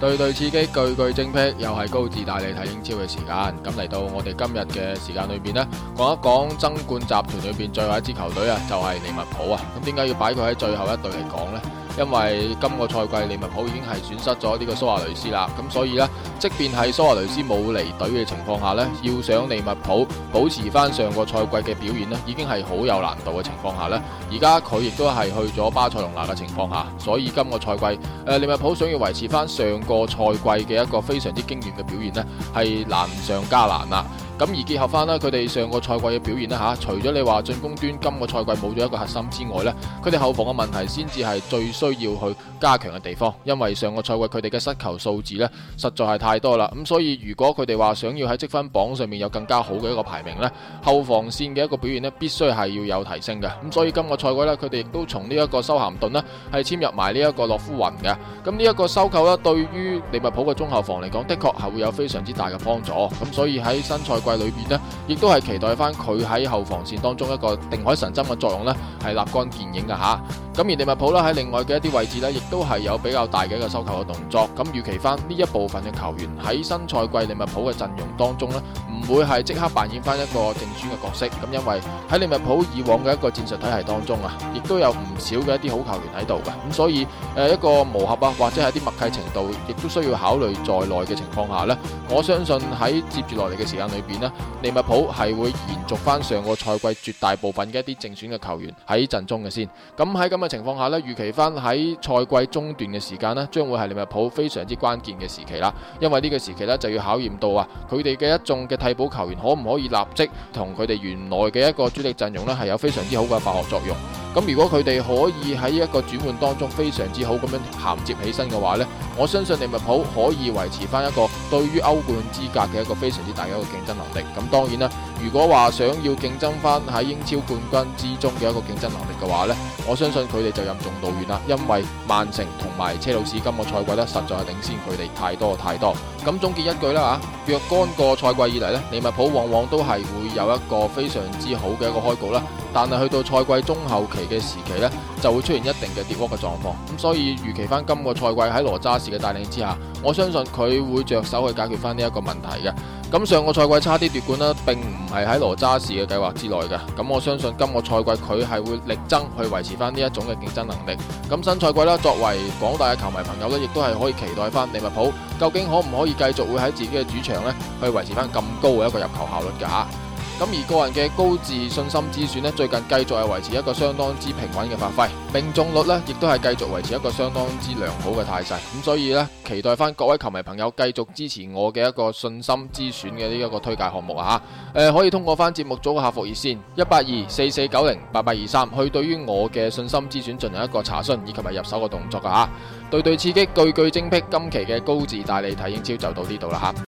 對對刺激，句句精辟，又係高治帶你睇英超嘅時間。咁嚟到我哋今日嘅時間裏邊呢，講一講爭冠集團裏邊最後一支球隊啊，就係利物浦啊。咁點解要擺佢喺最後一隊嚟講呢？因為今個賽季利物浦已經係損失咗呢個蘇亞雷斯啦，咁所以呢，即便係蘇亞雷斯冇離隊嘅情況下呢，要想利物浦保持翻上個賽季嘅表現呢，已經係好有難度嘅情況下呢，而家佢亦都係去咗巴塞隆拿嘅情況下，所以今個賽季誒、呃、利物浦想要維持翻上個賽季嘅一個非常之驚艷嘅表現呢，係難上加難啦。咁而結合翻啦，佢哋上個賽季嘅表現啦。吓，除咗你話進攻端今個賽季冇咗一個核心之外呢，佢哋後防嘅問題先至係最需要去加強嘅地方，因為上個賽季佢哋嘅失球數字呢，實在係太多啦。咁所以如果佢哋話想要喺積分榜上面有更加好嘅一個排名呢，後防線嘅一個表現呢，必須係要有提升嘅。咁所以今個賽季呢，佢哋亦都從呢一個修咸頓呢，係簽入埋呢一個洛夫雲嘅。咁呢一個收購呢，對於利物浦嘅中後防嚟講，的確係會有非常之大嘅幫助。咁所以喺新賽裏邊呢亦都係期待翻佢喺後防線當中一個定海神針嘅作用呢，係立竿見影嘅吓。咁而利物浦咧喺另外嘅一啲位置呢，亦都係有比較大嘅一個收購嘅動作。咁預期翻呢一部分嘅球員喺新賽季利物浦嘅陣容當中呢，唔會係即刻扮演翻一個正選嘅角色。咁因為喺利物浦以往嘅一個戰術體系當中啊，亦都有唔少嘅一啲好球員喺度嘅。咁所以誒、呃、一個磨合啊，或者係啲默契程度，亦都需要考慮在內嘅情況下咧，我相信喺接住落嚟嘅時間裏邊。利物浦係會延續翻上個賽季絕大部分嘅一啲正選嘅球員喺陣中嘅先，咁喺咁嘅情況下咧，預期翻喺賽季中段嘅時間咧，將會係利物浦非常之關鍵嘅時期啦，因為呢個時期呢，就要考驗到啊，佢哋嘅一眾嘅替補球員可唔可以立即同佢哋原來嘅一個主力陣容咧係有非常之好嘅化學作用。咁如果佢哋可以喺一個轉換當中非常之好咁樣銜接起身嘅話呢，我相信利物浦可以維持返一個對於歐冠資格嘅一個非常之大嘅一個競爭能力。咁當然啦。如果話想要競爭翻喺英超冠軍之中嘅一個競爭能力嘅話呢，我相信佢哋就任重道遠啦。因為曼城同埋車路士今個賽季呢，實在係領先佢哋太多太多。咁總結一句啦啊，若干個賽季以嚟呢，利物浦往往都係會有一個非常之好嘅一個開局啦，但係去到賽季中後期嘅時期呢。就會出現一定嘅跌窩嘅狀況，咁所以預期翻今個賽季喺羅渣士嘅帶領之下，我相信佢會着手去解決翻呢一個問題嘅。咁上個賽季差啲奪冠啦，並唔係喺羅渣士嘅計劃之內嘅。咁我相信今個賽季佢係會力爭去維持翻呢一種嘅競爭能力。咁新賽季啦，作為廣大嘅球迷朋友呢，亦都係可以期待翻利物浦究竟可唔可以繼續會喺自己嘅主場呢去維持翻咁高嘅一個入球效率㗎吓。咁而個人嘅高治信心之選呢，最近繼續係維持一個相當之平穩嘅發揮，命中率呢亦都係繼續維持一個相當之良好嘅態勢。咁所以呢，期待翻各位球迷朋友繼續支持我嘅一個信心之選嘅呢一個推介項目啊！誒、呃，可以通過翻節目組嘅客服熱線一八二四四九零八八二三，去對於我嘅信心之選進行一個查詢以及埋入手嘅動作噶吓、啊。對對刺激，句句精辟。今期嘅高治帶你睇英超就到呢度啦吓。啊。